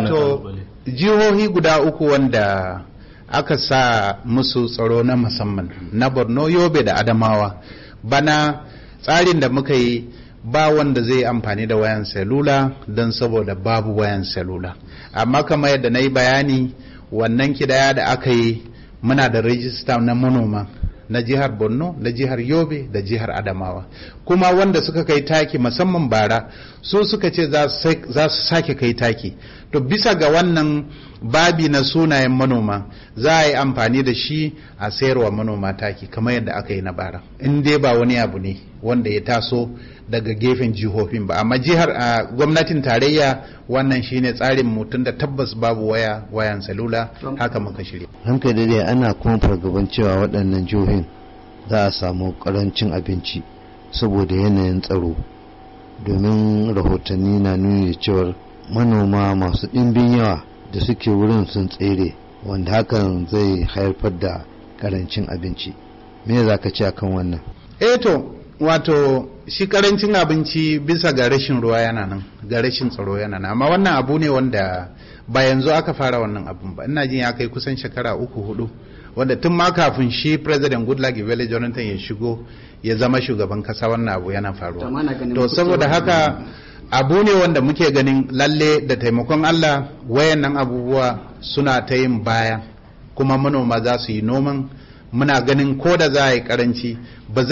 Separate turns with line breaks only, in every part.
wato
jihohi guda uku wanda aka sa musu tsaro na musamman na borno yobe da adamawa bana tsarin da muka yi ba wanda zai amfani da wayan salula don saboda babu wayan salula amma kamar yadda na yi bayani wannan kidaya da aka yi muna da rijista na manoma na jihar borno na jihar yobe da jihar adamawa kuma wanda suka kai taki musamman bara su suka ce za su sake kai taki to bisa ga wannan babi na sunayen manoma za a yi amfani da shi a sayarwa manoma taki kamar yadda aka yi na bara in dai ba wani abu ne wanda ya taso daga gefen jihohin ba amma jihar a gwamnatin tarayya wannan shine tsarin mutum da tabbas babu waya wayan salula haka muka shirya
hankali dai ana kuma fargaban cewa waɗannan jihohin za a samu ƙarancin abinci saboda yanayin tsaro domin rahotanni na nuni cewar manoma masu ɗimbin yawa da suke wurin sun tsere wanda hakan zai haifar da ƙarancin abinci me za ka ce akan wannan
eto eh wato shi karancin abinci bisa ga rashin ruwa yana nan ga rashin tsaro yana nan amma wannan abu ne wanda ba yanzu aka fara wannan abun ba ina jin ya kai kusan shekara uku hudu wanda tun ma kafin shi president goodluck ibele jonathan ya shigo ya zama shugaban kasa wannan abu yana faruwa
to saboda haka
abu ne wanda muke ganin lalle da taimakon allah wayannan abubuwa suna ta yin baya kuma manoma za su yi noman muna ganin ko da za a yi karanci ba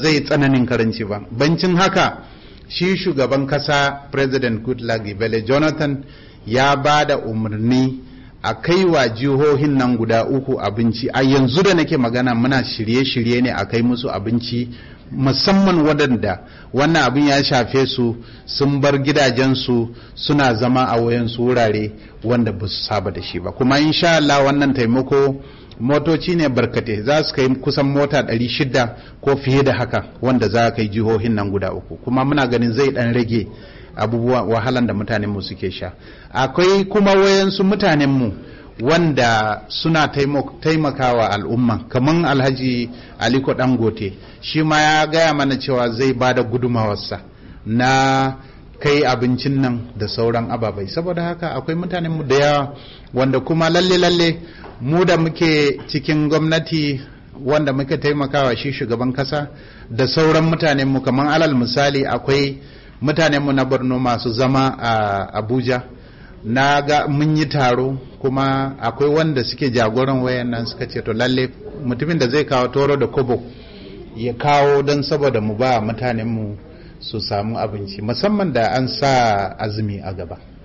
zai tsananin karanci ba bancin haka shi shugaban kasa president goodluck ibele jonathan ya ba da umarni a kai wa jihohin nan guda uku abinci a yanzu da nake magana muna shirye-shirye ne a kai musu abinci musamman waɗanda wannan abin ya shafe su sun bar gidajensu suna zama a wayansu wurare wanda ba su saba da shi ba kuma insha Allah wannan taimako motoci ne barkate za su kai kusan mota 600 ko fiye da haka wanda za kai jihohin nan guda uku kuma muna ganin zai dan rage abubuwa wahalan da mutanen mu suke sha akwai kuma wayansu mutanen mu wanda suna taimakawa al'umma kamar alhaji aliko dangote shi ma ya gaya mana cewa zai bada gudumawarsa na kai abincin nan da sauran ababai saboda haka akwai mu da yawa wanda kuma lalle lalle mu da muke cikin gwamnati wanda muke taimakawa shi shugaban kasa da sauran mutane mu kamar alal misali akwai mutanenmu mu na Borno masu zama a Abuja na ga mun yi taro kuma akwai wanda suke jagoran wayan nan suka ce to lalle mutumin da zai kawo toro da kobo ya kawo don saboda mu ba mutanenmu su samu abinci musamman da an sa azumi a gaba